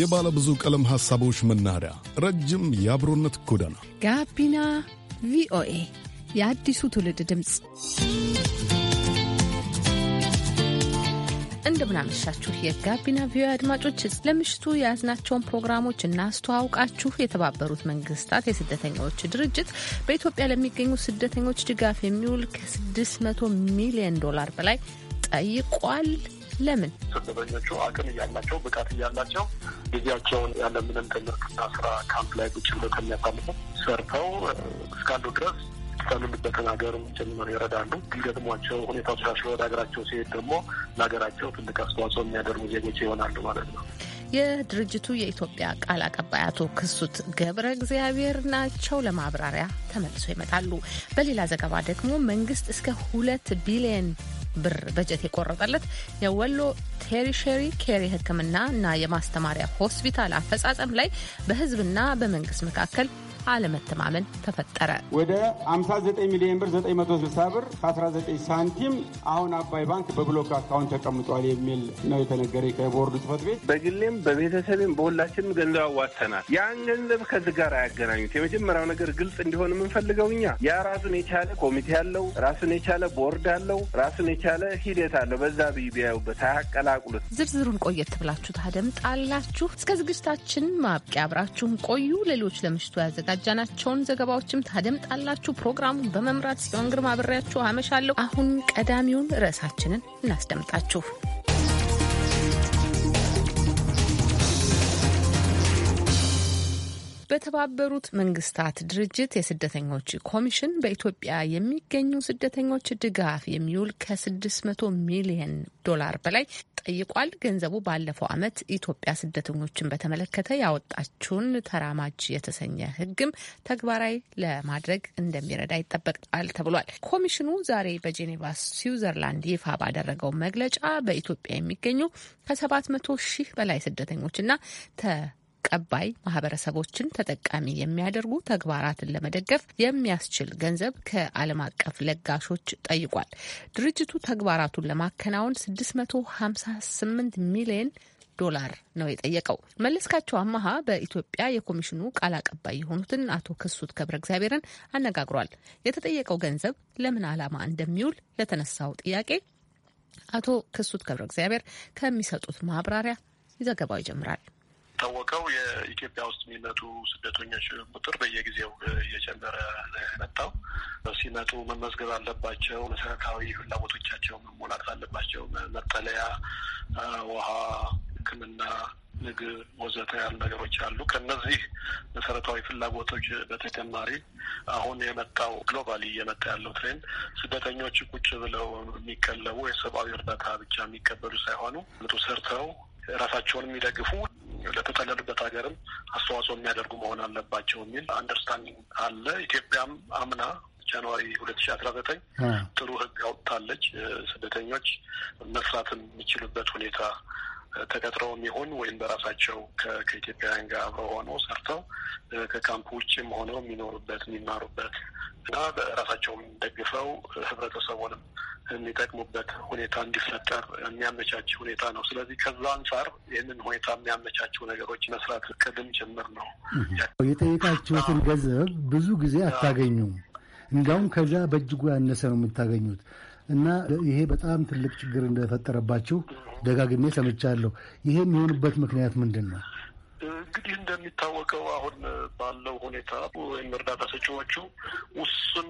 የባለ ብዙ ቀለም ሐሳቦች መናኸሪያ፣ ረጅም የአብሮነት ጎዳና ጋቢና ቪኦኤ የአዲሱ ትውልድ ድምፅ። እንደምናመሻችሁ የጋቢና ቪኦኤ አድማጮች፣ ለምሽቱ የያዝናቸውን ፕሮግራሞች እናስተዋውቃችሁ። የተባበሩት መንግስታት የስደተኞች ድርጅት በኢትዮጵያ ለሚገኙ ስደተኞች ድጋፍ የሚውል ከ600 ሚሊዮን ዶላር በላይ ጠይቋል። ለምን ስደተኞቹ አቅም እያላቸው ብቃት እያላቸው ጊዜያቸውን ያለምንም ትምህርትና ስራ ካምፕ ላይ ቁጭ ብለው ከሚያሳልፉ ሰርተው እስካሉ ድረስ ከሚሉበትን ሀገር ጭምር ይረዳሉ። ሊገጥሟቸው ሁኔታ ተሻሽሎ ወደ ሀገራቸው ሲሄድ ደግሞ ለሀገራቸው ትልቅ አስተዋጽኦ የሚያደርጉ ዜጎች ይሆናሉ ማለት ነው። የድርጅቱ የኢትዮጵያ ቃል አቀባይ አቶ ክሱት ገብረ እግዚአብሔር ናቸው። ለማብራሪያ ተመልሶ ይመጣሉ። በሌላ ዘገባ ደግሞ መንግስት እስከ ሁለት ቢሊየን ብር በጀት የቆረጠለት የወሎ ቴሪሸሪ ኬሪ የሕክምና እና የማስተማሪያ ሆስፒታል አፈጻጸም ላይ በህዝብና በመንግስት መካከል አለመተማመን ተፈጠረ። ወደ 59 ሚሊዮን ብር 960 ብር ከ19 ሳንቲም አሁን አባይ ባንክ በብሎክ አካውንት ተቀምጧል የሚል ነው የተነገረ ከቦርዱ ጽፈት ቤት። በግሌም በቤተሰብም በሁላችንም ገንዘብ አዋተናል። ያን ገንዘብ ከዚህ ጋር አያገናኙት። የመጀመሪያው ነገር ግልጽ እንዲሆን የምንፈልገው እኛ ያ ራሱን የቻለ ኮሚቴ አለው፣ ራሱን የቻለ ቦርድ አለው፣ ራሱን የቻለ ሂደት አለው። በዛ ቢያዩበት አያቀላቅሉት። ዝርዝሩን ቆየት ብላችሁ ታደምጣላችሁ። እስከ ዝግጅታችን ማብቂያ አብራችሁን ቆዩ። ሌሎች ለምሽቱ ያዘጋ ያዘጋጃናቸውን ዘገባዎችም ታደምጣላችሁ። ፕሮግራሙን በመምራት ጽዮን ግርማ አብሬያችሁ አመሻለሁ። አሁን ቀዳሚውን ርዕሳችንን እናስደምጣችሁ። በተባበሩት መንግስታት ድርጅት የስደተኞች ኮሚሽን በኢትዮጵያ የሚገኙ ስደተኞች ድጋፍ የሚውል ከ600 ሚሊየን ዶላር በላይ ጠይቋል። ገንዘቡ ባለፈው ዓመት ኢትዮጵያ ስደተኞችን በተመለከተ ያወጣችውን ተራማጅ የተሰኘ ሕግም ተግባራዊ ለማድረግ እንደሚረዳ ይጠበቃል ተብሏል። ኮሚሽኑ ዛሬ በጄኔቫ ስዊዘርላንድ ይፋ ባደረገው መግለጫ በኢትዮጵያ የሚገኙ ከ700 ሺህ በላይ ስደተኞችና ቀባይ ማህበረሰቦችን ተጠቃሚ የሚያደርጉ ተግባራትን ለመደገፍ የሚያስችል ገንዘብ ከዓለም አቀፍ ለጋሾች ጠይቋል። ድርጅቱ ተግባራቱን ለማከናወን 658 ሚሊዮን ዶላር ነው የጠየቀው። መለስካቸው አማሃ በኢትዮጵያ የኮሚሽኑ ቃል አቀባይ የሆኑትን አቶ ክሱት ገብረ እግዚአብሔርን አነጋግሯል። የተጠየቀው ገንዘብ ለምን ዓላማ እንደሚውል ለተነሳው ጥያቄ አቶ ክሱት ገብረ እግዚአብሔር ከሚሰጡት ማብራሪያ ዘገባው ይጀምራል። እንደሚታወቀው የኢትዮጵያ ውስጥ የሚመጡ ስደተኞች ቁጥር በየጊዜው እየጨመረ መጣው። ሲመጡ መመዝገብ አለባቸው። መሰረታዊ ፍላጎቶቻቸው መሞላት አለባቸው። መጠለያ፣ ውሃ፣ ሕክምና ምግብ ወዘተ ያሉ ነገሮች አሉ። ከነዚህ መሰረታዊ ፍላጎቶች በተጨማሪ አሁን የመጣው ግሎባሊ እየመጣ ያለው ትሬንድ ስደተኞች ቁጭ ብለው የሚቀለቡ የሰብአዊ እርዳታ ብቻ የሚቀበሉ ሳይሆኑ ሰርተው ራሳቸውን የሚደግፉ ለተጠለሉበት ሀገርም አስተዋጽኦ የሚያደርጉ መሆን አለባቸው የሚል አንደርስታንዲንግ አለ። ኢትዮጵያም አምና ጃንዋሪ ሁለት ሺ አስራ ዘጠኝ ጥሩ ህግ አውጥታለች። ስደተኞች መስራትን የሚችሉበት ሁኔታ ተቀጥረው ይሁን ወይም በራሳቸው ከኢትዮጵያውያን ጋር አብረው ሆኖ ሰርተው ከካምፕ ውጭም ሆነው የሚኖሩበት የሚማሩበት እና በራሳቸውም ደግፈው ህብረተሰቡንም የሚጠቅሙበት ሁኔታ እንዲፈጠር የሚያመቻች ሁኔታ ነው። ስለዚህ ከዛ አንጻር ይህንን ሁኔታ የሚያመቻቸው ነገሮች መስራት ቅድም ጭምር ነው። የጠየቃችሁትን ገንዘብ ብዙ ጊዜ አታገኙም። እንዲያውም ከዛ በእጅጉ ያነሰ ነው የምታገኙት እና ይሄ በጣም ትልቅ ችግር እንደፈጠረባችሁ ደጋግሜ ሰምቻለሁ። ይሄ የሚሆንበት ምክንያት ምንድን ነው? እንግዲህ እንደሚታወቀው አሁን ባለው ሁኔታ ወይም እርዳታ ሰጪዎቹ ውሱን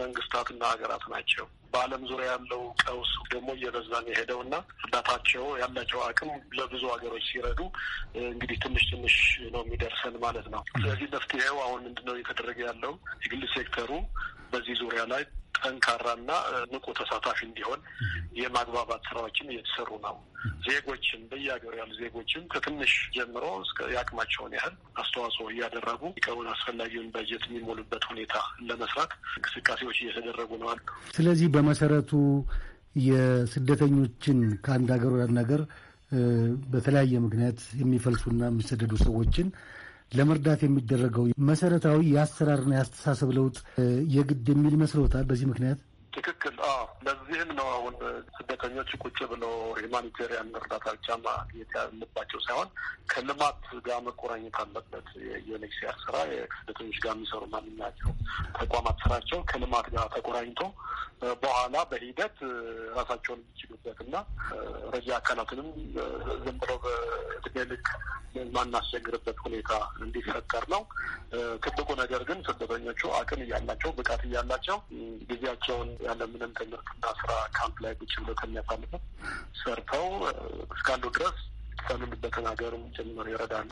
መንግስታትና ሀገራት ናቸው። በዓለም ዙሪያ ያለው ቀውስ ደግሞ እየበዛ ነው የሄደው እና እርዳታቸው ያላቸው አቅም ለብዙ ሀገሮች ሲረዱ እንግዲህ ትንሽ ትንሽ ነው የሚደርሰን ማለት ነው። ስለዚህ መፍትሄው አሁን ምንድነው እየተደረገ ያለው የግል ሴክተሩ በዚህ ዙሪያ ላይ ጠንካራና ንቁ ተሳታፊ እንዲሆን የማግባባት ስራዎችን እየተሰሩ ነው። ዜጎችም በየሀገሩ ያሉ ዜጎችም ከትንሽ ጀምሮ እስከ የአቅማቸውን ያህል አስተዋጽኦ እያደረጉ ቀውን አስፈላጊውን በጀት የሚሞሉበት ሁኔታ ለመስራት እንቅስቃሴዎች እየተደረጉ ነው። ስለዚህ በመሰረቱ የስደተኞችን ከአንድ ሀገር ወደ አንድ ሀገር በተለያየ ምክንያት የሚፈልሱና የሚሰደዱ ሰዎችን ለመርዳት የሚደረገው መሰረታዊ የአሰራርና የአስተሳሰብ ለውጥ የግድ የሚል መስሎታል? በዚህ ምክንያት ትክክል። አዎ ለዚህም ነው አሁን ስደተኞች ቁጭ ብለው ሂማኒቴሪያን እርዳታ ብቻ ማግኘት ያለባቸው ሳይሆን ከልማት ጋር መቆራኘት አለበት። የዩኤንኤችሲአር ስራ የስደተኞች ጋር የሚሰሩ ማንኛቸው ተቋማት ስራቸው ከልማት ጋር ተቆራኝቶ በኋላ በሂደት ራሳቸውን የሚችሉበት እና ረጂ አካላትንም ዝም ብለው በእድሜ ልክ ማናስቸግርበት ሁኔታ እንዲፈጠር ነው ትልቁ ነገር። ግን ስደተኞቹ አቅም እያላቸው ብቃት እያላቸው ጊዜያቸውን ያለምንም ትምህርት በስራ ካምፕ ላይ ቁጭ ብሎ ከሚያሳልፈ ሰርተው እስካሉ ድረስ የተሰምንበትን ሀገርም ጭምር ይረዳሉ።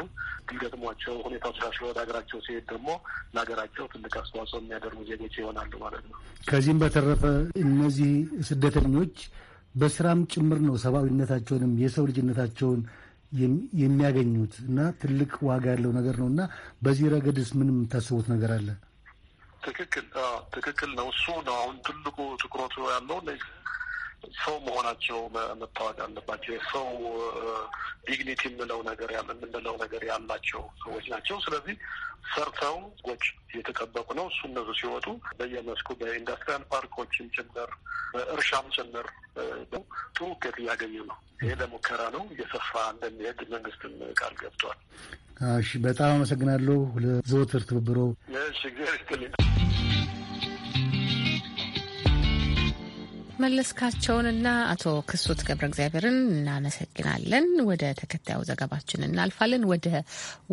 ሊገጥሟቸው ሁኔታዎች ራሽ ወደ ሀገራቸው ሲሄድ ደግሞ ለሀገራቸው ትልቅ አስተዋጽኦ የሚያደርጉ ዜጎች ይሆናሉ ማለት ነው። ከዚህም በተረፈ እነዚህ ስደተኞች በስራም ጭምር ነው ሰብአዊነታቸውንም የሰው ልጅነታቸውን የሚያገኙት እና ትልቅ ዋጋ ያለው ነገር ነው እና በዚህ ረገድስ ምንም የምታስቡት ነገር አለ? ትክክል ትክክል ነው። እሱ ነው አሁን ትልቁ ትኩረቱ ያለው ሰው መሆናቸው መታወቅ አለባቸው። የሰው ዲግኒቲ የምለው ነገር የምንለው ነገር ያላቸው ሰዎች ናቸው። ስለዚህ ሰርተው ጎጭ የተጠበቁ ነው። እሱ እነሱ ሲወጡ በየመስኩ በኢንዱስትሪያል ፓርኮችም ጭምር እርሻም ጭምር ጥሩ ውጤት እያገኙ ነው። ይሄ ለሙከራ ነው፣ እየሰፋ እንደሚሄድ መንግስትም ቃል ገብቷል። እሺ፣ በጣም አመሰግናለሁ ለዘወትር ትብብሮ። እሺ፣ እግዚአብሔር ይስጥልኝ። መለስካቸውንና አቶ ክሱት ገብረ እግዚአብሔርን እናመሰግናለን። ወደ ተከታዩ ዘገባችን እናልፋለን። ወደ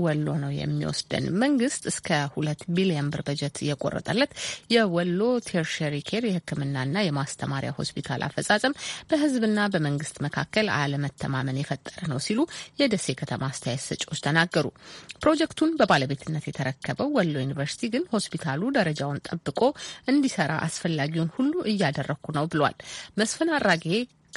ወሎ ነው የሚወስደን። መንግስት እስከ ሁለት ቢሊዮን ብር በጀት የቆረጠለት የወሎ ቴርሸሪ ኬር የሕክምናና የማስተማሪያ ሆስፒታል አፈጻጸም በህዝብና በመንግስት መካከል አለመተማመን የፈጠረ ነው ሲሉ የደሴ ከተማ አስተያየት ሰጪዎች ተናገሩ። ፕሮጀክቱን በባለቤትነት የተረከበው ወሎ ዩኒቨርሲቲ ግን ሆስፒታሉ ደረጃውን ጠብቆ እንዲሰራ አስፈላጊውን ሁሉ እያደረግኩ ነው ብሏል። ገልጸዋል። መስፍን አራጌ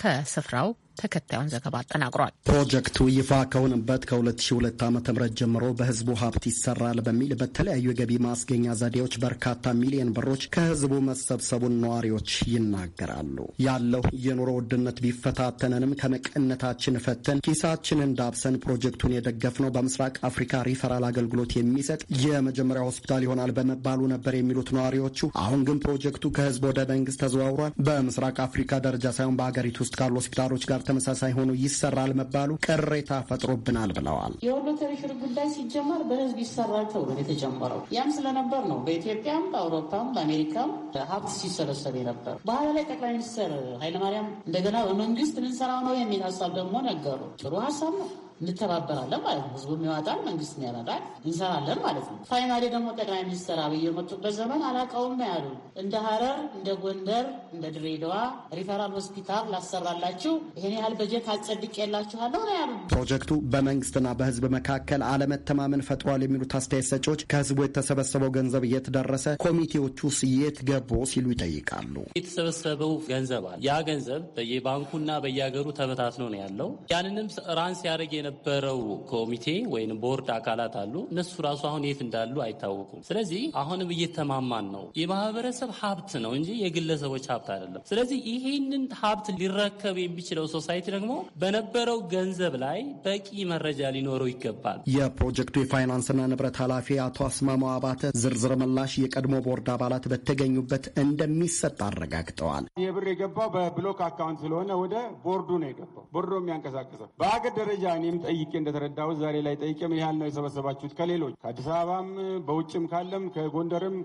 ከስፍራው ተከታዩን ዘገባ አጠናቅሯል። ፕሮጀክቱ ይፋ ከሆነበት ከ2002 ዓ ም ጀምሮ በህዝቡ ሀብት ይሰራል በሚል በተለያዩ የገቢ ማስገኛ ዘዴዎች በርካታ ሚሊዮን ብሮች ከህዝቡ መሰብሰቡን ነዋሪዎች ይናገራሉ። ያለው የኑሮ ውድነት ቢፈታተነንም ከመቀነታችን ፈተን ኪሳችን እንዳብሰን ፕሮጀክቱን የደገፍነው በምስራቅ አፍሪካ ሪፈራል አገልግሎት የሚሰጥ የመጀመሪያ ሆስፒታል ይሆናል በመባሉ ነበር የሚሉት ነዋሪዎቹ፣ አሁን ግን ፕሮጀክቱ ከህዝብ ወደ መንግስት ተዘዋውሯል። በምስራቅ አፍሪካ ደረጃ ሳይሆን በሀገሪቱ ውስጥ ካሉ ሆስፒታሎች ጋር ተመሳሳይ ሆኖ ይሰራል መባሉ ቅሬታ ፈጥሮብናል ብለዋል። የወሎ ሽር ጉዳይ ሲጀመር በህዝብ ይሰራል ተብሎ የተጀመረው ያም ስለነበር ነው። በኢትዮጵያም በአውሮፓም በአሜሪካም ሀብት ሲሰበሰብ የነበር በኋላ ላይ ጠቅላይ ሚኒስትር ኃይለማርያም እንደገና በመንግስት ልንሰራው ነው የሚል ሀሳብ ደግሞ ነገሩ። ጥሩ ሀሳብ ነው። እንተባበራለን ማለት ነው። ህዝቡም ያወጣል፣ መንግስትም ያመጣል፣ እንሰራለን ማለት ነው። ፋይናሊ ደግሞ ጠቅላይ ሚኒስትር አብይ የመጡበት ዘመን አላቀውም ያሉ እንደ ሀረር፣ እንደ ጎንደር፣ እንደ ድሬዳዋ ሪፈራል ሆስፒታል ላሰራላችሁ ይህን ያህል በጀት አጸድቅ የላችኋለሁ ነው ያሉ። ፕሮጀክቱ በመንግስትና በህዝብ መካከል አለመተማመን ፈጥሯል የሚሉት አስተያየት ሰጪዎች ከህዝቡ የተሰበሰበው ገንዘብ የት ደረሰ፣ ኮሚቴዎቹስ የት ገቡ ሲሉ ይጠይቃሉ። የተሰበሰበው ገንዘብ አለ። ያ ገንዘብ በየባንኩና በየሀገሩ ተበታትኖ ነው ያለው። ያንንም ራን ሲያደርግ የነበረው ኮሚቴ ወይም ቦርድ አካላት አሉ። እነሱ ራሱ አሁን የት እንዳሉ አይታወቁም። ስለዚህ አሁንም እየተማማን ነው። የማህበረሰብ ሀብት ነው እንጂ የግለሰቦች ሀብት አይደለም። ስለዚህ ይሄንን ሀብት ሊረከብ የሚችለው ሶሳይቲ ደግሞ በነበረው ገንዘብ ላይ በቂ መረጃ ሊኖረው ይገባል። የፕሮጀክቱ የፋይናንስና ንብረት ኃላፊ አቶ አስማማው አባተ ዝርዝር ምላሽ የቀድሞ ቦርድ አባላት በተገኙበት እንደሚሰጥ አረጋግጠዋል። ብር የገባው በብሎክ አካውንት ስለሆነ ወደ ቦርዱ ነው የገባው። ቦርዶ የሚያንቀሳቀሰው በሀገር ደረጃ እኔ ጊዜም ጠይቄ እንደተረዳሁት ዛሬ ላይ ጠይቄ ምን ያህል ነው የሰበሰባችሁት? ከሌሎች ከአዲስ አበባም በውጭም ካለም ከጎንደርም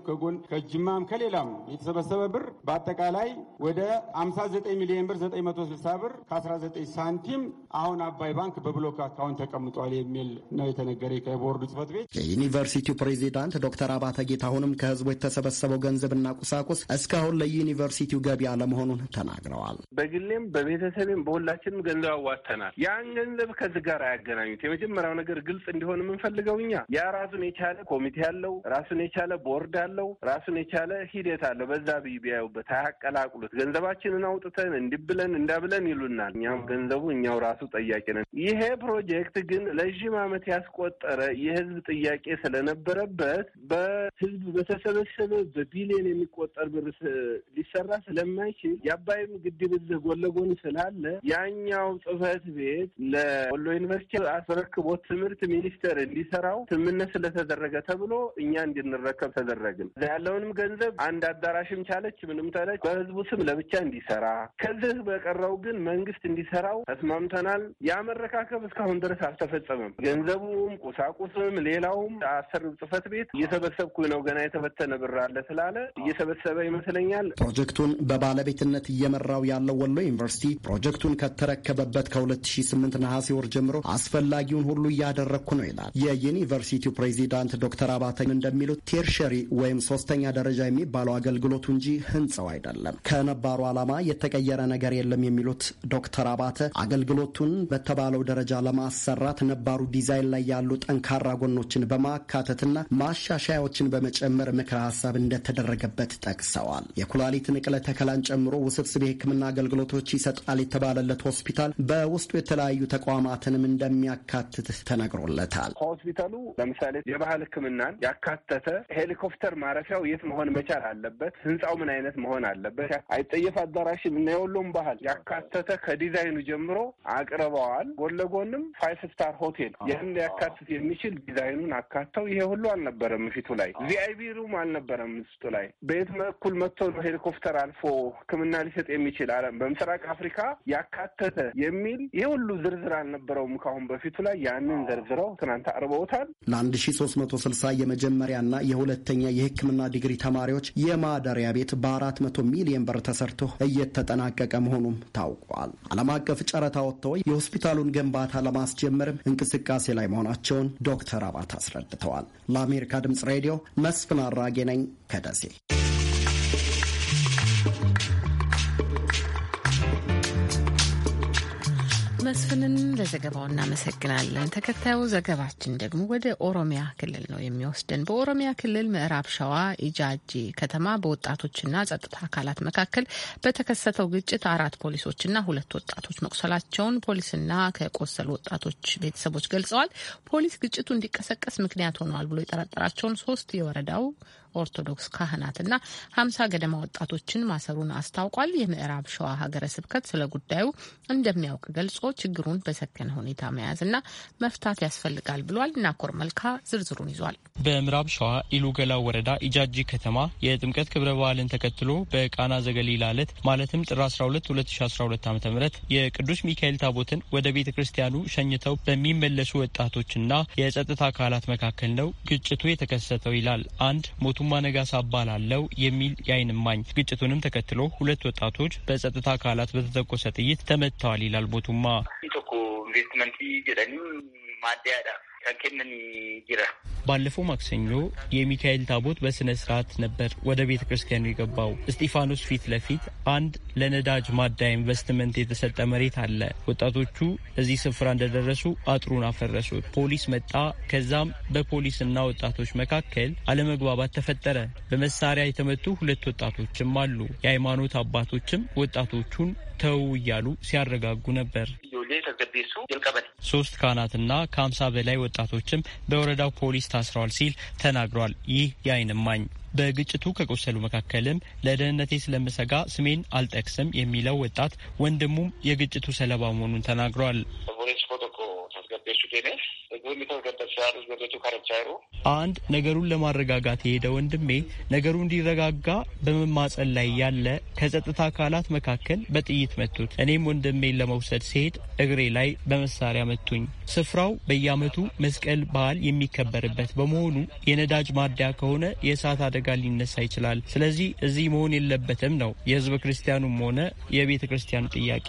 ከጅማም ከሌላም የተሰበሰበ ብር በአጠቃላይ ወደ 59 ሚሊዮን ብር 960 ብር ከ19 ሳንቲም አሁን አባይ ባንክ በብሎክ አካውንት ተቀምጧል የሚል ነው የተነገረ ከቦርዱ ጽህፈት ቤት። የዩኒቨርሲቲው ፕሬዚዳንት ዶክተር አባተ ጌታሁንም ከህዝቡ የተሰበሰበው ገንዘብና ቁሳቁስ እስካሁን ለዩኒቨርሲቲው ገቢ አለመሆኑን ተናግረዋል። በግሌም በቤተሰብም በሁላችንም ገንዘብ አዋተናል። ያን ገንዘብ ከዚህ ጋር ጋር አያገናኙት። የመጀመሪያው ነገር ግልጽ እንዲሆን የምንፈልገው እኛ ያ ራሱን የቻለ ኮሚቴ አለው፣ ራሱን የቻለ ቦርድ አለው፣ ራሱን የቻለ ሂደት አለው። በዛ ብይ ቢያዩበት አያቀላቅሉት። ገንዘባችንን አውጥተን እንዲብለን እንዳብለን ይሉናል። እኛም ገንዘቡ እኛው ራሱ ጠያቂ ነን። ይሄ ፕሮጀክት ግን ለዥም ዓመት ያስቆጠረ የህዝብ ጥያቄ ስለነበረበት በህዝብ በተሰበሰበ በቢሊዮን የሚቆጠር ብር ሊሰራ ስለማይችል የአባይም ግድብ እዚህ ጎን ለጎን ስላለ ያኛው ጽህፈት ቤት ለወሎ ዩኒቨርሲቲ አስረክቦ ትምህርት ሚኒስቴር እንዲሰራው ስምምነት ስለተደረገ ተብሎ እኛ እንድንረከብ ተደረግን። ያለውንም ገንዘብ አንድ አዳራሽም ቻለች ምንም ተለች በህዝቡ ስም ለብቻ እንዲሰራ፣ ከዚህ በቀረው ግን መንግስት እንዲሰራው ተስማምተናል። ያ መረካከብ እስካሁን ድረስ አልተፈጸመም። ገንዘቡም ቁሳቁስም ሌላውም አሰር ጽህፈት ቤት እየሰበሰብኩ ነው ገና የተበተነ ብር አለ ስላለ እየሰበሰበ ይመስለኛል። ፕሮጀክቱን በባለቤትነት እየመራው ያለው ወሎ ዩኒቨርሲቲ ፕሮጀክቱን ከተረከበበት ከሁለት ሺህ ስምንት ነሐሴ ወር ጀምሮ አስፈላጊውን ሁሉ እያደረግኩ ነው ይላል። የዩኒቨርሲቲው ፕሬዚዳንት ዶክተር አባተ እንደሚሉት ቴርሸሪ ወይም ሶስተኛ ደረጃ የሚባለው አገልግሎቱ እንጂ ህንፃው አይደለም። ከነባሩ ዓላማ የተቀየረ ነገር የለም የሚሉት ዶክተር አባተ አገልግሎቱን በተባለው ደረጃ ለማሰራት ነባሩ ዲዛይን ላይ ያሉ ጠንካራ ጎኖችን በማካተትና ማሻሻያዎችን በመጨመር ምክረ ሀሳብ እንደተደረገበት ጠቅሰዋል። የኩላሊት ንቅለ ተከላን ጨምሮ ውስብስብ የህክምና አገልግሎቶች ይሰጣል የተባለለት ሆስፒታል በውስጡ የተለያዩ ተቋማትንም እንደሚያካትት ተነግሮለታል። ሆስፒታሉ ለምሳሌ የባህል ሕክምናን ያካተተ ሄሊኮፕተር ማረፊያው የት መሆን መቻል አለበት፣ ህንፃው ምን አይነት መሆን አለበት፣ አይጠየፍ አዳራሽን እና የወሎም ባህል ያካተተ ከዲዛይኑ ጀምሮ አቅርበዋል። ጎን ለጎንም ፋይፍ ስታር ሆቴል ይህን ሊያካትት የሚችል ዲዛይኑን አካተው ይሄ ሁሉ አልነበረም። ምሽቱ ላይ ቪአይቪ ሩም አልነበረም። ምሽቱ ላይ በየት በኩል መጥቶ ነው ሄሊኮፕተር አልፎ ሕክምና ሊሰጥ የሚችል አለም በምስራቅ አፍሪካ ያካተተ የሚል ይህ ሁሉ ዝርዝር አልነበረውም። ከአሁን በፊቱ ላይ ያንን ዘርዝረው ትናንት አቅርበውታል። ለአንድ ሺ ሶስት መቶ ስልሳ የመጀመሪያና የሁለተኛ የሕክምና ዲግሪ ተማሪዎች የማደሪያ ቤት በአራት መቶ ሚሊዮን ብር ተሰርቶ እየተጠናቀቀ መሆኑም ታውቋል። ዓለም አቀፍ ጨረታ ወጥቶ የሆስፒታሉን ግንባታ ለማስጀመርም እንቅስቃሴ ላይ መሆናቸውን ዶክተር አባት አስረድተዋል። ለአሜሪካ ድምጽ ሬዲዮ መስፍን አራጌ ነኝ ከደሴ። መስፍንን ለዘገባው እናመሰግናለን። ተከታዩ ዘገባችን ደግሞ ወደ ኦሮሚያ ክልል ነው የሚወስደን። በኦሮሚያ ክልል ምዕራብ ሸዋ ኢጃጂ ከተማ በወጣቶችና ጸጥታ አካላት መካከል በተከሰተው ግጭት አራት ፖሊሶችና ሁለት ወጣቶች መቁሰላቸውን ፖሊስና ከቆሰሉ ወጣቶች ቤተሰቦች ገልጸዋል። ፖሊስ ግጭቱ እንዲቀሰቀስ ምክንያት ሆኗል ብሎ የጠረጠራቸውን ሶስት የወረዳው ኦርቶዶክስ ካህናትና ሀምሳ ገደማ ወጣቶችን ማሰሩን አስታውቋል። የምዕራብ ሸዋ ሀገረ ስብከት ስለ ጉዳዩ እንደሚያውቅ ገልጾ ችግሩን በሰከነ ሁኔታ መያዝና መፍታት ያስፈልጋል ብሏል። ናኮር መልካ ዝርዝሩን ይዟል። በምዕራብ ሸዋ ኢሉገላ ወረዳ ኢጃጂ ከተማ የጥምቀት ክብረ በዓልን ተከትሎ በቃና ዘገሊላ ዕለት ማለትም ጥር 12 2012 ዓ ም የቅዱስ ሚካኤል ታቦትን ወደ ቤተ ክርስቲያኑ ሸኝተው በሚመለሱ ወጣቶችና የጸጥታ አካላት መካከል ነው ግጭቱ የተከሰተው ይላል አንድ ሞቱማ ነጋሳ አባላለው የሚል የዓይን እማኝ። ግጭቱንም ተከትሎ ሁለት ወጣቶች በጸጥታ አካላት በተተኮሰ ጥይት ተመትተዋል ይላል ሞቱማ። ባለፈው ማክሰኞ የሚካኤል ታቦት በሥነ ሥርዓት ነበር ወደ ቤተ ክርስቲያኑ የገባው። እስጢፋኖስ ፊት ለፊት አንድ ለነዳጅ ማደያ ኢንቨስትመንት የተሰጠ መሬት አለ። ወጣቶቹ እዚህ ስፍራ እንደደረሱ አጥሩን አፈረሱት። ፖሊስ መጣ። ከዛም በፖሊስና ወጣቶች መካከል አለመግባባት ተፈጠረ። በመሳሪያ የተመቱ ሁለት ወጣቶችም አሉ። የሃይማኖት አባቶችም ወጣቶቹን ተው እያሉ ሲያረጋጉ ነበር። ሶስት ካህናትና ከሀምሳ በላይ ወጣቶችም በወረዳው ፖሊስ ታስረዋል ሲል ተናግሯል። ይህ የአይን እማኝ በግጭቱ ከቆሰሉ መካከልም ለደህንነቴ ስለምሰጋ ስሜን አልጠቅስም የሚለው ወጣት ወንድሙም የግጭቱ ሰለባ መሆኑን ተናግሯል። አንድ ነገሩን ለማረጋጋት የሄደ ወንድሜ ነገሩ እንዲረጋጋ በመማጸን ላይ ያለ ከጸጥታ አካላት መካከል በጥይት መቱት። እኔም ወንድሜን ለመውሰድ ሲሄድ እግሬ ላይ በመሳሪያ መቱኝ። ስፍራው በየዓመቱ መስቀል በዓል የሚከበርበት በመሆኑ የነዳጅ ማደያ ከሆነ የእሳት አደጋ ሊነሳ ይችላል። ስለዚህ እዚህ መሆን የለበትም ነው የህዝበ ክርስቲያኑም ሆነ የቤተ ክርስቲያኑ ጥያቄ።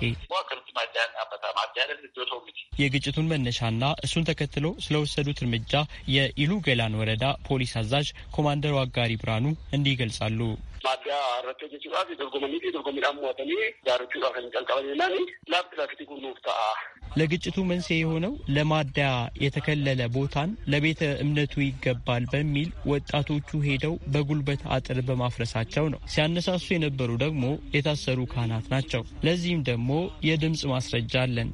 የግጭቱን መነሻና እሱን ተከትሎ ስለወሰዱት እርምጃ የኢሉ ገላን ወረዳ ፖሊስ አዛዥ ኮማንደሩ አጋሪ ብርሃኑ እንዲህ ይገልጻሉ። maddaa irratti hojjechuudhaaf dorgomanii fi dorgomiidhaan mo'atanii gaarochuudhaaf kan qalqabaninaani laafti laafti gunuuf ta'a። ለግጭቱ መንስኤ የሆነው ለማዳ የተከለለ ቦታን ለቤተ እምነቱ ይገባል በሚል ወጣቶቹ ሄደው በጉልበት አጥር በማፍረሳቸው ነው። ሲያነሳሱ የነበሩ ደግሞ የታሰሩ ካህናት ናቸው። ለዚህም ደግሞ የድምፅ ማስረጃ አለን።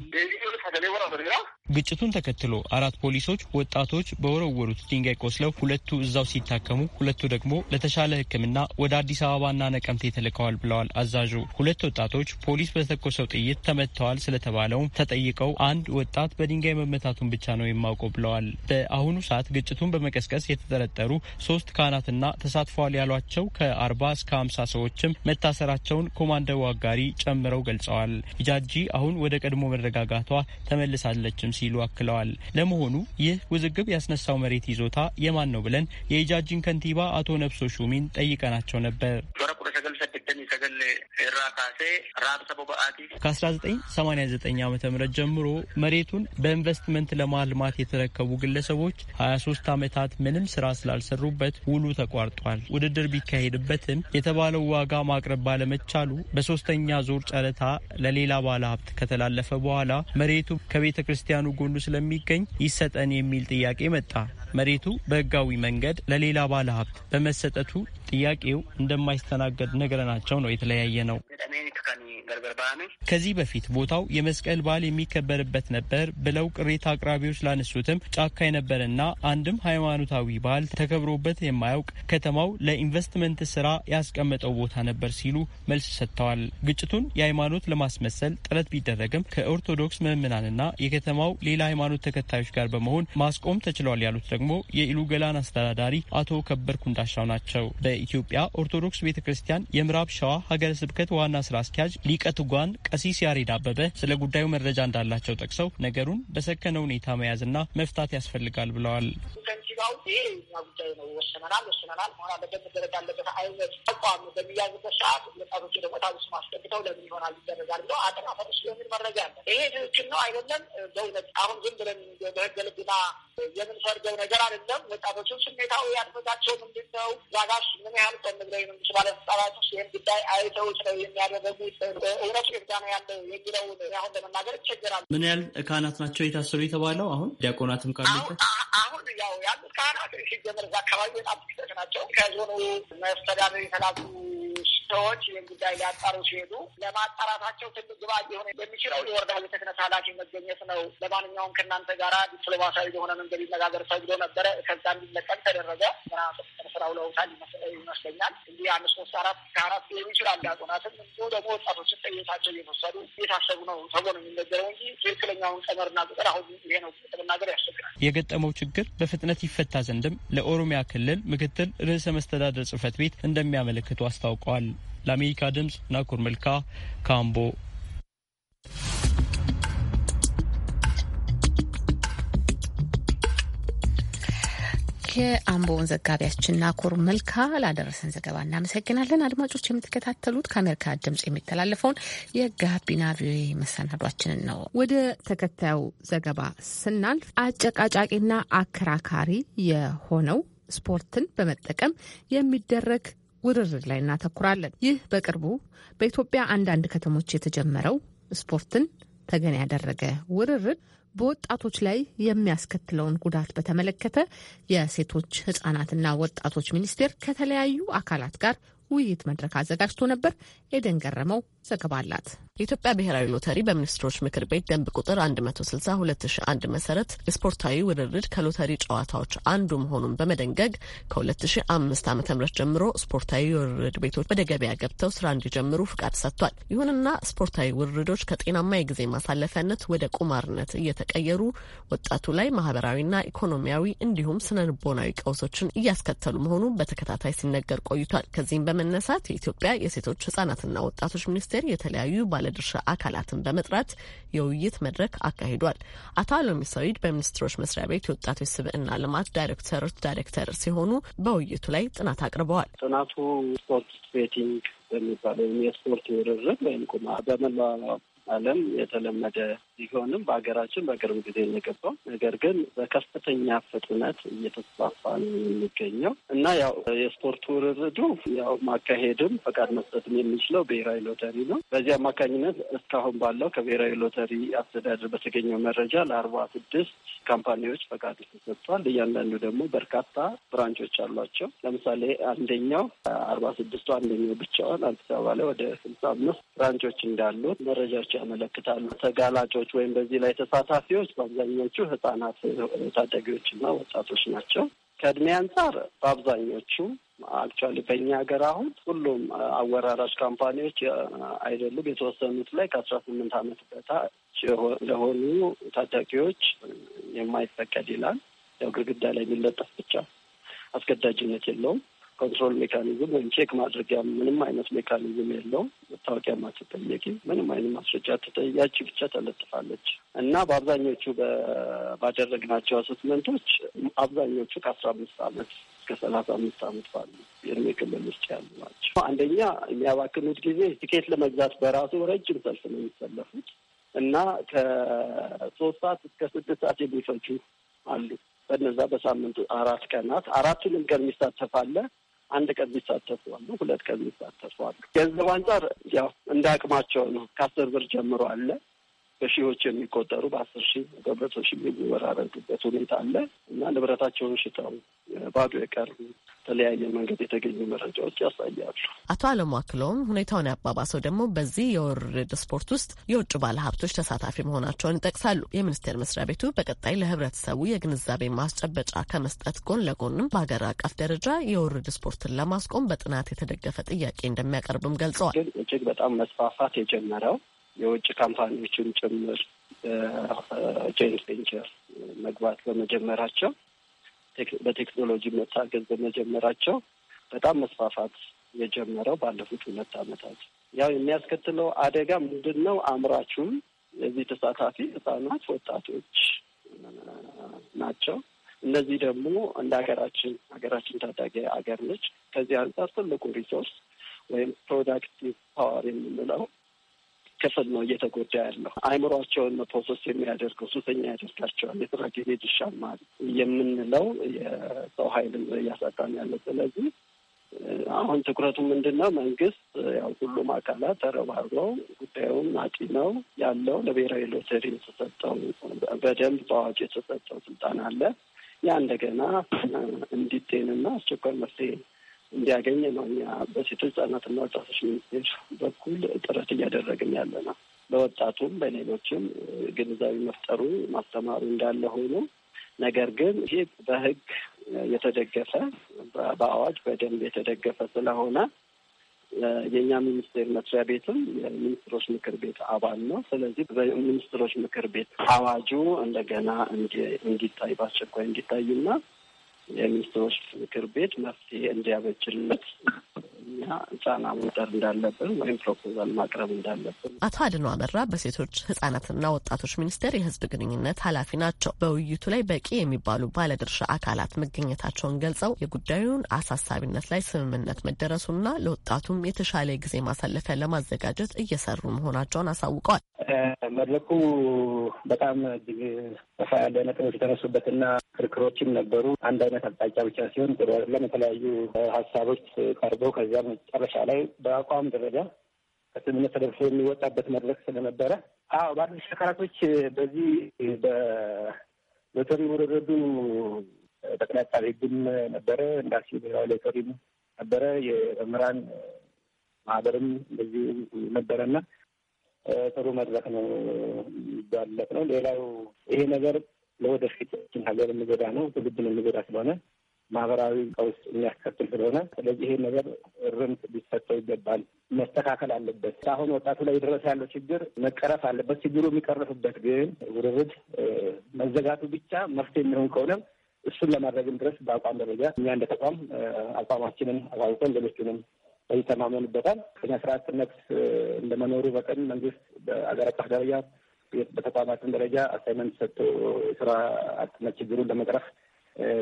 ግጭቱን ተከትሎ አራት ፖሊሶች ወጣቶች በወረወሩት ድንጋይ ቆስለው ሁለቱ እዛው ሲታከሙ ሁለቱ ደግሞ ለተሻለ ሕክምና ወደ አዲስ አበባና ነቀምቴ ተልከዋል ብለዋል አዛዡ። ሁለት ወጣቶች ፖሊስ በተኮሰው ጥይት ተመትተዋል ስለተባለውም ተጠይቀው አንድ ወጣት በድንጋይ መመታቱን ብቻ ነው የማውቀው ብለዋል። በአሁኑ ሰዓት ግጭቱን በመቀስቀስ የተጠረጠሩ ሶስት ካህናትና ተሳትፈዋል ያሏቸው ከአርባ እስከ ሀምሳ ሰዎችም መታሰራቸውን ኮማንደው አጋሪ ጨምረው ገልጸዋል። ጃጂ አሁን ወደ ቀድሞ መረጋጋቷ ተመልሳለችም ሲሉ አክለዋል። ለመሆኑ ይህ ውዝግብ ያስነሳው መሬት ይዞታ የማን ነው ብለን የኢጃጅን ከንቲባ አቶ ነብሶ ሹሚን ጠይቀናቸው ነበር። ኤራ ካሴ ራብሰቦ ከአስራ ዘጠኝ ሰማኒያ ዘጠኝ ዓመተ ምህረት ጀምሮ መሬቱን በኢንቨስትመንት ለማልማት የተረከቡ ግለሰቦች ሀያ ሶስት ዓመታት ምንም ስራ ስላልሰሩበት ውሉ ተቋርጧል። ውድድር ቢካሄድበትም የተባለው ዋጋ ማቅረብ ባለመቻሉ በሶስተኛ ዞር ጨረታ ለሌላ ባለ ሀብት ከተላለፈ በኋላ መሬቱ ከቤተ ክርስቲያኑ ጎኑ ስለሚገኝ ይሰጠን የሚል ጥያቄ መጣ። መሬቱ በህጋዊ መንገድ ለሌላ ባለ ሀብት በመሰጠቱ ጥያቄው እንደማይስተናገድ ነግረናቸው ነው የተለያየ ነው። ነው። ከዚህ በፊት ቦታው የመስቀል በዓል የሚከበርበት ነበር ብለው ቅሬታ አቅራቢዎች ላነሱትም ጫካ የነበረና አንድም ሃይማኖታዊ በዓል ተከብሮበት የማያውቅ ከተማው ለኢንቨስትመንት ስራ ያስቀመጠው ቦታ ነበር ሲሉ መልስ ሰጥተዋል። ግጭቱን የሃይማኖት ለማስመሰል ጥረት ቢደረግም ከኦርቶዶክስ ምዕመናንና የከተማው ሌላ ሃይማኖት ተከታዮች ጋር በመሆን ማስቆም ተችሏል ያሉት ደግሞ የኢሉ ገላን አስተዳዳሪ አቶ ከበር ኩንዳሻው ናቸው። በኢትዮጵያ ኦርቶዶክስ ቤተ ክርስቲያን የምዕራብ ሸዋ ሀገረ ስብከት በረከት ዋና ስራ አስኪያጅ ሊቀ ጓን ቀሲስ ያሬድ አበበ ስለ ጉዳዩ መረጃ እንዳላቸው ጠቅሰው ነገሩን በሰከነ ሁኔታ መያዝና መፍታት ያስፈልጋል ብለዋል። ዲባውቲ እኛ ጉዳይ ነው ወሰነናል ወሰነናል መሆን አለበት መደረግ ያለበት አይነት ተቋም በሚያዝበት ሰዓት ወጣቶቹ ደግሞ ታብስ ማስጠግተው ለምን ይሆናል ይደረጋል ብለው አጠና ፈርስ ለምን መረጃ አለ። ይሄ ትክክል ነው አይደለም? በእውነት አሁን ዝም ብለን በህገ ልቡና የምንፈርገው ነገር አይደለም። ወጣቶቹን ስሜታዊ ያልፈታቸው ምንድን ነው ዛጋሽ ምን ያህል ቀን ብለ መንግስት ባለስልጣናት ውስጥ ይህን ጉዳይ አይተውት ነው የሚያደረጉት እውነቱ የት ነው ያለው የሚለውን አሁን ለመናገር ይቸገራል። ምን ያህል ካህናት ናቸው የታሰሩ የተባለው አሁን ዲያቆናትም ካሉበት ያው ያሉት ካህናት ሲጀመር እዛ አካባቢ በጣም ጥቂቶች ናቸው። ከዞኑ መስተዳደር የተላኩ ሰዎች ይህን ጉዳይ ሊያጣሩ ሲሄዱ ለማጣራታቸው ትልቅ ግብዓት ሊሆን የሚችለው የወረዳ ህዝብ ተክነት ኃላፊ መገኘት ነው። ለማንኛውም ከእናንተ ጋራ ዲፕሎማሲያዊ በሆነ መንገድ ይነጋገር ተብሎ ነበረ። ከዛ እንዲለቀም ተደረገ። ስራው ለውታል ይመስለኛል። እንዲህ አምስት ሶስት አራት ከአራት ሊሆኑ ይችላል። ዲያቆናትም እንዲሁ ደግሞ ወጣቶችን ጠየታቸው እየወሰዱ እየታሰቡ ነው ተብሎ ነው የሚነገረው እንጂ ትክክለኛውን ቀመርና ቁጥር አሁን ይሄ ነው ለመናገር ያስቸግራል። የገጠመው ችግር በፍጥነት ይፈታ ዘንድም ለኦሮሚያ ክልል ምክትል ርዕሰ መስተዳደር ጽህፈት ቤት እንደሚያመለክቱ አስታውቀዋል። ለአሜሪካ ድምፅ ናኮር መልካ ካምቦ። የአምቦውን ዘጋቢያችን ናኮር መልካ ላደረሰን ዘገባ እናመሰግናለን። አድማጮች የምትከታተሉት ከአሜሪካ ድምጽ የሚተላለፈውን የጋቢና ቪኦኤ መሰናዷችንን ነው። ወደ ተከታዩ ዘገባ ስናልፍ አጨቃጫቂና አከራካሪ የሆነው ስፖርትን በመጠቀም የሚደረግ ውርርድ ላይ እናተኩራለን። ይህ በቅርቡ በኢትዮጵያ አንዳንድ ከተሞች የተጀመረው ስፖርትን ተገን ያደረገ ውርርድ በወጣቶች ላይ የሚያስከትለውን ጉዳት በተመለከተ የሴቶች ህጻናትና ወጣቶች ሚኒስቴር ከተለያዩ አካላት ጋር ውይይት መድረክ አዘጋጅቶ ነበር። ኤደን ገረመው ዘገባ አላት። የኢትዮጵያ ብሔራዊ ሎተሪ በሚኒስትሮች ምክር ቤት ደንብ ቁጥር 160 2001 መሰረት የስፖርታዊ ውድድር ከሎተሪ ጨዋታዎች አንዱ መሆኑን በመደንገግ ከ2005 ዓ.ም ጀምሮ ስፖርታዊ ውርርድ ቤቶች ወደ ገበያ ገብተው ስራ እንዲጀምሩ ፍቃድ ሰጥቷል። ይሁንና ስፖርታዊ ውርርዶች ከጤናማ የጊዜ ማሳለፊያነት ወደ ቁማርነት እየተቀየሩ ወጣቱ ላይ ማህበራዊና ኢኮኖሚያዊ እንዲሁም ስነ ልቦናዊ ቀውሶችን እያስከተሉ መሆኑ በተከታታይ ሲነገር ቆይቷል። ከዚህም በመነሳት የኢትዮጵያ የሴቶች ህጻናትና ወጣቶች ሚኒስቴር የተለያዩ ባለ ባለድርሻ አካላትን በመጥራት የውይይት መድረክ አካሂዷል። አቶ አለሚ ሰይድ በሚኒስትሮች መስሪያ ቤት የወጣቶች ስብዕና ልማት ዳይሬክተሮች ዳይሬክተር ሲሆኑ በውይይቱ ላይ ጥናት አቅርበዋል። ጥናቱ ስፖርት ቤቲንግ በሚባለው የስፖርት ውርርድ ወይም ቁማ በመላ ዓለም የተለመደ ቢሆንም በሀገራችን በቅርብ ጊዜ የገባው ነገር ግን በከፍተኛ ፍጥነት እየተስፋፋ ነው የሚገኘው እና ያው የስፖርት ውርርዱ ያው ማካሄድም ፈቃድ መስጠትም የሚችለው ብሔራዊ ሎተሪ ነው። በዚህ አማካኝነት እስካሁን ባለው ከብሔራዊ ሎተሪ አስተዳደር በተገኘው መረጃ ለአርባ ስድስት ካምፓኒዎች ፈቃድ ተሰጥቷል። እያንዳንዱ ደግሞ በርካታ ብራንቾች አሏቸው። ለምሳሌ አንደኛው አርባ ስድስቱ አንደኛው ብቻዋን አዲስ አበባ ላይ ወደ ስልሳ አምስት ብራንቾች እንዳሉት መረጃዎች ያመለክታሉ። ተጋላጮ ተሳታፊዎች ወይም በዚህ ላይ ተሳታፊዎች በአብዛኞቹ ህጻናት፣ ታዳጊዎችና ወጣቶች ናቸው። ከእድሜ አንጻር በአብዛኞቹ አክቹዋሊ በእኛ ሀገር አሁን ሁሉም አወራራሽ ካምፓኒዎች አይደሉም። የተወሰኑት ላይ ከአስራ ስምንት አመት በታች ለሆኑ ታዳጊዎች የማይፈቀድ ይላል። ያው ግድግዳ ላይ የሚለጠፍ ብቻ አስገዳጅነት የለውም። ኮንትሮል ሜካኒዝም ወይም ቼክ ማድረጊያ ምንም አይነት ሜካኒዝም የለውም። መታወቂያ አትጠየቂ፣ ምንም አይነት ማስረጃ አትጠያቂ፣ ብቻ ተለጥፋለች እና በአብዛኞቹ ባደረግናቸው አሰስመንቶች አብዛኞቹ ከአስራ አምስት አመት እስከ ሰላሳ አምስት አመት ባሉ የእድሜ ክልል ውስጥ ያሉ ናቸው። አንደኛ የሚያባክኑት ጊዜ ቲኬት ለመግዛት በራሱ ረጅም ሰልፍ ነው የሚሰለፉት እና ከሶስት ሰዓት እስከ ስድስት ሰዓት የሚፈጁ አሉ። በነዛ በሳምንቱ አራት ቀናት አራቱንም ቀን የሚሳተፍ አለ። አንድ ቀን የሚሳተፉ አሉ፣ ሁለት ቀን የሚሳተፉ አሉ። ገንዘብ አንጻር ያው እንደ አቅማቸው ነው። ከአስር ብር ጀምሮ አለ በሺዎች የሚቆጠሩ በአስር ሺህ በሁለት ሺህ የሚወራረዱበት ሁኔታ አለ እና ንብረታቸውን ሽጠው ባዶ የቀሩ የተለያየ መንገድ የተገኙ መረጃዎች ያሳያሉ። አቶ አለሙ አክለውም ሁኔታውን ያባባሰው ደግሞ በዚህ የውርርድ ስፖርት ውስጥ የውጭ ባለሀብቶች ተሳታፊ መሆናቸውን ይጠቅሳሉ። የሚኒስቴር መስሪያ ቤቱ በቀጣይ ለህብረተሰቡ የግንዛቤ ማስጨበጫ ከመስጠት ጎን ለጎንም በሀገር አቀፍ ደረጃ የውርርድ ስፖርትን ለማስቆም በጥናት የተደገፈ ጥያቄ እንደሚያቀርብም ገልጸዋል። እጅግ በጣም መስፋፋት የጀመረው የውጭ ካምፓኒዎችን ጭምር ጆይንት ቬንቸር መግባት በመጀመራቸው በቴክኖሎጂ መታገዝ በመጀመራቸው በጣም መስፋፋት የጀመረው ባለፉት ሁለት ዓመታት። ያው የሚያስከትለው አደጋ ምንድን ነው? አምራቹም የዚህ ተሳታፊ ህጻናት፣ ወጣቶች ናቸው። እነዚህ ደግሞ እንደ ሀገራችን ሀገራችን ታዳጊ ሀገር ነች። ከዚህ አንጻር ትልቁ ሪሶርስ ወይም ፕሮዳክቲቭ ፓወር የምንለው ክፍል ነው እየተጎዳ ያለው። አይምሯቸውን ፕሮሰስ የሚያደርገው ሱሰኛ ያደርጋቸዋል። የስራ ጊዜ ይሻማል የምንለው የሰው ኃይል እያሳጣን ያለ ስለዚህ አሁን ትኩረቱ ምንድን ነው? መንግስት ያው ሁሉም አካላት ተረባርበው ጉዳዩን አጢነው ያለው ለብሔራዊ ሎተሪ የተሰጠው በደንብ በአዋጅ የተሰጠው ስልጣን አለ ያ እንደገና እንዲጤንና አስቸኳይ መፍትሄ እንዲያገኝ ነው እኛ በሴቶች ህጻናትና ወጣቶች ሚኒስቴር በኩል ጥረት እያደረግን ያለ ነው። በወጣቱም በሌሎችም ግንዛቤ መፍጠሩ ማስተማሩ እንዳለ ሆኖ ነገር ግን ይህ በህግ የተደገፈ በአዋጅ በደንብ የተደገፈ ስለሆነ የእኛ ሚኒስቴር መስሪያ ቤትም የሚኒስትሮች ምክር ቤት አባል ነው። ስለዚህ በሚኒስትሮች ምክር ቤት አዋጁ እንደገና እንዲታይ በአስቸኳይ እንዲታይና የሚኒስትሮች ምክር ቤት መፍትሄ እንዲያበጅለት እኛ ህጻና መውጠር እንዳለብን ወይም ፕሮፖዛል ማቅረብ እንዳለብን። አቶ አድኖ አበራ በሴቶች ህጻናትና ወጣቶች ሚኒስቴር የህዝብ ግንኙነት ኃላፊ ናቸው። በውይይቱ ላይ በቂ የሚባሉ ባለድርሻ አካላት መገኘታቸውን ገልጸው የጉዳዩን አሳሳቢነት ላይ ስምምነት መደረሱና ለወጣቱም የተሻለ ጊዜ ማሳለፊያ ለማዘጋጀት እየሰሩ መሆናቸውን አሳውቀዋል። መድረኩ በጣም እጅግ ሰፋ ያለ ነጥቦች የተነሱበትና ክርክሮችም ነበሩ። አንድ አይነት አቅጣጫ ብቻ ሲሆን ጥሩ አይደለም። የተለያዩ ሀሳቦች ቀርበው ከዚያ መጨረሻ ላይ በአቋም ደረጃ ከስምምነት ተደርሶ የሚወጣበት መድረክ ስለነበረ አዎ ባለድርሻ አካላቶች በዚህ በሎተሪ ውርርዱ ጠቅላይ አቃቤ ሕግም ነበረ፣ እንዳሲ ብሔራዊ ሎተሪም ነበረ፣ የመምህራን ማህበርም እንደዚህ ነበረ ነበረና ጥሩ መድረክ ነው ይባለት ነው። ሌላው ይሄ ነገር ለወደፊት ሀገር የሚጎዳ ነው፣ ትውልድን የሚጎዳ ስለሆነ ማህበራዊ ቀውስ የሚያስከትል ስለሆነ ስለዚህ ይሄ ነገር ርምት ሊሰጠው ይገባል፣ መስተካከል አለበት። አሁን ወጣቱ ላይ የደረሰ ያለው ችግር መቀረፍ አለበት። ችግሩ የሚቀረፍበት ግን ውርርድ መዘጋቱ ብቻ መፍትሄ የሚሆን ከሆነም እሱን ለማድረግም ድረስ በአቋም ደረጃ እኛ እንደ ተቋም አቋማችንን አቋቁጠን ሌሎቹንም ይተማመኑበታል። ከኛ ስርዓትነት እንደመኖሩ በቀን መንግስት በአገር አቀፍ ደረጃ በተቋማትን ደረጃ አሳይመንት ሰጥቶ የስራ አጥነት ችግሩን ለመቅረፍ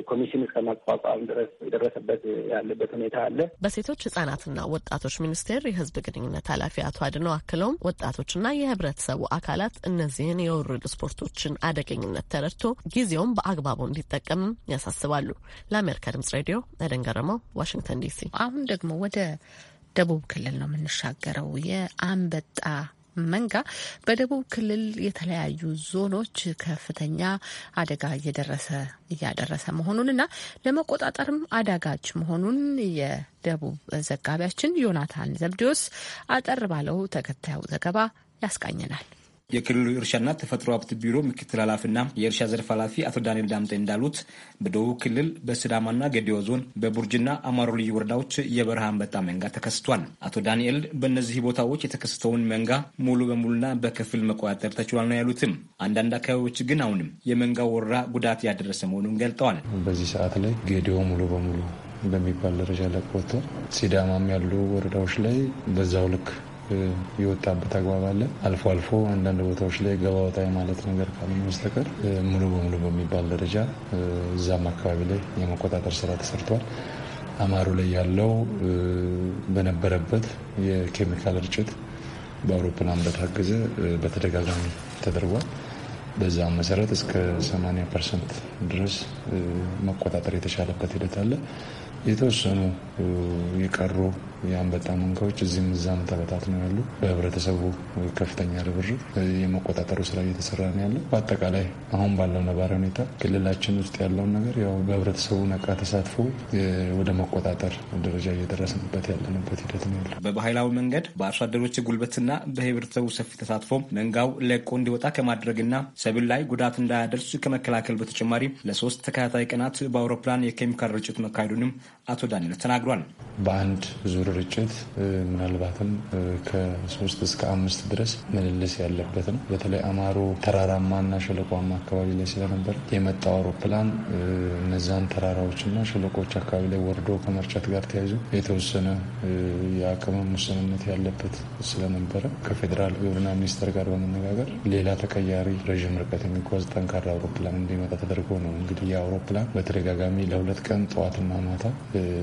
ኮሚሽን እስከ ማቋቋም ድረስ የደረሰበት ያለበት ሁኔታ አለ። በሴቶች ህጻናትና ወጣቶች ሚኒስቴር የህዝብ ግንኙነት ኃላፊ አቶ አድነው አክለውም ወጣቶችና የህብረተሰቡ አካላት እነዚህን የውርድ ስፖርቶችን አደገኝነት ተረድቶ ጊዜውም በአግባቡ እንዲጠቀም ያሳስባሉ። ለአሜሪካ ድምጽ ሬዲዮ አደን ገረመው፣ ዋሽንግተን ዲሲ። አሁን ደግሞ ወደ ደቡብ ክልል ነው የምንሻገረው የአንበጣ መንጋ በደቡብ ክልል የተለያዩ ዞኖች ከፍተኛ አደጋ እየደረሰ እያደረሰ መሆኑንና ለመቆጣጠርም አዳጋች መሆኑን የደቡብ ዘጋቢያችን ዮናታን ዘብዲዮስ አጠር ባለው ተከታዩ ዘገባ ያስቃኘናል። የክልሉ እርሻና ተፈጥሮ ሀብት ቢሮ ምክትል ኃላፊና የእርሻ ዘርፍ ኃላፊ አቶ ዳንኤል ዳምጤ እንዳሉት በደቡብ ክልል በስዳማና ገዲዮ ዞን በቡርጅና አማሮ ልዩ ወረዳዎች የበረሃ አንበጣ መንጋ ተከስቷል። አቶ ዳንኤል በእነዚህ ቦታዎች የተከሰተውን መንጋ ሙሉ በሙሉና በከፊል መቆጣጠር ተችሏል ነው ያሉትም። አንዳንድ አካባቢዎች ግን አሁንም የመንጋ ወረራ ጉዳት ያደረሰ መሆኑን ገልጠዋል። በዚህ ሰዓት ላይ ገዲዮ ሙሉ በሙሉ በሚባል ደረጃ ለቆቶ ሲዳማም ያሉ ወረዳዎች ላይ በዛው ልክ የወጣበት አግባብ አለ። አልፎ አልፎ አንዳንድ ቦታዎች ላይ ገባ ወጣ የማለት ነገር ካልሆነ በስተቀር ሙሉ በሙሉ በሚባል ደረጃ እዛም አካባቢ ላይ የመቆጣጠር ስራ ተሰርቷል። አማሩ ላይ ያለው በነበረበት የኬሚካል እርጭት በአውሮፕላን በታገዘ በተደጋጋሚ ተደርጓል። በዛም መሰረት እስከ 80 ፐርሰንት ድረስ መቆጣጠር የተቻለበት ሂደት አለ። የተወሰኑ የቀሩ የአንበጣ መንጋዎች እዚህም እዛም ነው ያሉ በህብረተሰቡ ከፍተኛ ርብር የመቆጣጠሩ ስራ እየተሰራ ነው ያለ። በአጠቃላይ አሁን ባለው ነባሪ ሁኔታ ክልላችን ውስጥ ያለውን ነገር ያው በህብረተሰቡ ነቃ ተሳትፎ ወደ መቆጣጠር ደረጃ እየደረስንበት ያለንበት ሂደት ነው ያለ። በባህላዊ መንገድ በአርሶ አደሮች ጉልበትና በህብረተሰቡ ሰፊ ተሳትፎ መንጋው ለቆ እንዲወጣ ከማድረግና ሰብል ላይ ጉዳት እንዳያደርሱ ከመከላከል በተጨማሪ ለሶስት ተከታታይ ቀናት በአውሮፕላን የኬሚካል ርጭት መካሄዱንም አቶ ዳንኤል ተናግሯል። በአንድ ዙር ርጭት ምናልባትም ከሶስት እስከ አምስት ድረስ ምልልስ ያለበት ነው። በተለይ አማሮ ተራራማና ሸለቋማ አካባቢ ላይ ስለነበር የመጣው አውሮፕላን እነዛን ተራራዎችና ሸለቆች አካባቢ ላይ ወርዶ ከመርጨት ጋር ተያይዞ የተወሰነ የአቅምም ውስንነት ያለበት ስለነበረ ከፌዴራል ግብርና ሚኒስቴር ጋር በመነጋገር ሌላ ተቀያሪ ረዥም ርቀት የሚጓዝ ጠንካራ አውሮፕላን እንዲመጣ ተደርጎ ነው። እንግዲህ የአውሮፕላን በተደጋጋሚ ለሁለት ቀን ጠዋትና ማታ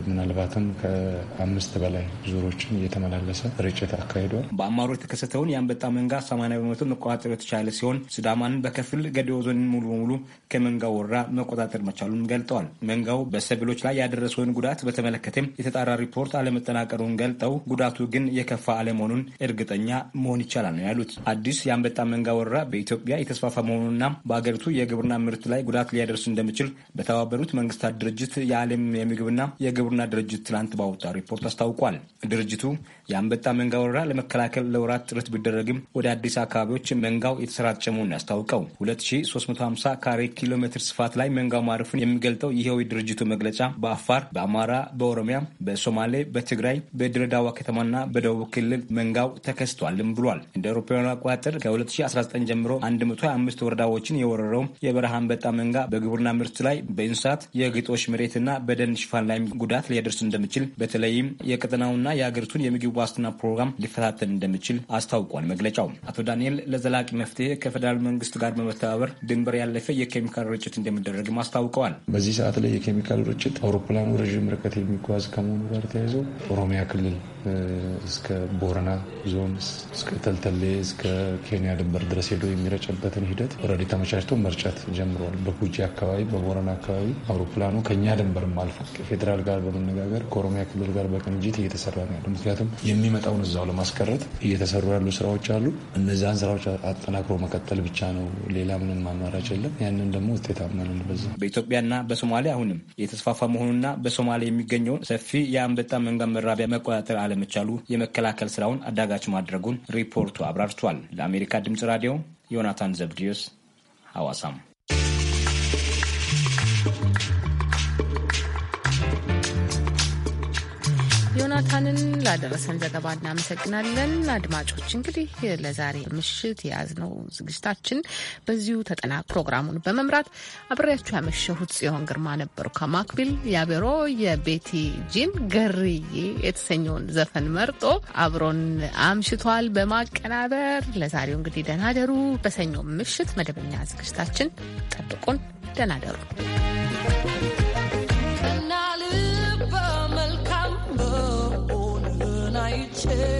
ምናልባትም ከአምስት በላይ ዙሮችን እየተመላለሰ ርጭት አካሂዷል። በአማሮ የተከሰተውን የአንበጣ መንጋ 80 በመቶ መቆጣጠር የተቻለ ሲሆን ስዳማን በከፊል ገዲዮ ዞን ሙሉ በሙሉ ከመንጋው ወረራ መቆጣጠር መቻሉን ገልጠዋል። መንጋው በሰብሎች ላይ ያደረሰውን ጉዳት በተመለከተም የተጣራ ሪፖርት አለመጠናቀሩን ገልጠው ጉዳቱ ግን የከፋ አለመሆኑን እርግጠኛ መሆን ይቻላል ነው ያሉት። አዲስ የአንበጣ መንጋ ወረራ በኢትዮጵያ የተስፋፋ መሆኑንና በአገሪቱ የግብርና ምርት ላይ ጉዳት ሊያደርስ እንደሚችል በተባበሩት መንግስታት ድርጅት የዓለም የምግብና የግብርና ድርጅት ትናንት ባወጣው ሪፖርት አስታውቋል። ድርጅቱ የአንበጣ መንጋ ወረራ ለመከላከል ለወራት ጥረት ቢደረግም ወደ አዲስ አካባቢዎች መንጋው የተሰራጨ መሆኑን ያስታውቀው 2350 ካሬ ኪሎ ሜትር ስፋት ላይ መንጋው ማረፉን የሚገልጠው ይኸው የድርጅቱ መግለጫ በአፋር፣ በአማራ፣ በኦሮሚያ፣ በሶማሌ፣ በትግራይ፣ በድሬዳዋ ከተማና በደቡብ ክልል መንጋው ተከስቷልም ብሏል። እንደ አውሮፓውያኑ አቆጣጠር ከ2019 ጀምሮ 125 ወረዳዎችን የወረረው የበረሃ አንበጣ መንጋ በግብርና ምርት ላይ በእንስሳት የግጦሽ መሬትና በደን ሽፋን ላይ ጉዳት ሊያደርስ እንደሚችል በተለይም የቀጠናውና የሀገሪቱን የምግብ ዋስትና ፕሮግራም ሊፈታተን እንደሚችል አስታውቋል መግለጫው። አቶ ዳንኤል ለዘላቂ መፍትሄ ከፌዴራል መንግስት ጋር በመተባበር ድንበር ያለፈ የኬሚካል ርጭት እንደሚደረግም አስታውቀዋል። በዚህ ሰዓት ላይ የኬሚካል ርጭት አውሮፕላኑ ረዥም ርቀት የሚጓዝ ከመሆኑ ጋር ተያይዘው ኦሮሚያ ክልል እስከ ቦረና ዞን እስከ ተልተሌ እስከ ኬንያ ድንበር ድረስ ሄዶ የሚረጨበትን ሂደት ኦልሬዲ ተመቻችቶ መርጨት ጀምረዋል። በጉጂ አካባቢ፣ በቦረና አካባቢ አውሮፕላኑ ከኛ ድንበርም አልፎ ፌዴራል አመራር ጋር በመነጋገር ከኦሮሚያ ክልል ጋር በቅንጅት እየተሰራ ነው ያለው። ምክንያቱም የሚመጣውን እዛው ለማስቀረት እየተሰሩ ያሉ ስራዎች አሉ። እነዛን ስራዎች አጠናክሮ መቀጠል ብቻ ነው። ሌላ ምንም አማራጭ የለም። ያንን ደግሞ ውጤታማ ነን። በዛ በኢትዮጵያና በሶማሌ አሁንም የተስፋፋ መሆኑና በሶማሌ የሚገኘውን ሰፊ የአንበጣ መንጋ መራቢያ መቆጣጠር አለመቻሉ የመከላከል ስራውን አዳጋች ማድረጉን ሪፖርቱ አብራርቷል። ለአሜሪካ ድምጽ ራዲዮ ዮናታን ዘብድዮስ ሐዋሳም ናታንን ላደረሰን ዘገባ እናመሰግናለን። አድማጮች እንግዲህ ለዛሬ ምሽት የያዝነው ዝግጅታችን በዚሁ ተጠና ፕሮግራሙን በመምራት አብሬያችሁ ያመሸሁት ጽዮን ግርማ ነበሩ። ከማክቢል ያቤሮ የቤቲ ጂን ገርዬ የተሰኘውን ዘፈን መርጦ አብሮን አምሽቷል በማቀናበር ለዛሬው እንግዲህ ደናደሩ። በሰኞ ምሽት መደበኛ ዝግጅታችን ጠብቁን። ደናደሩ Yeah.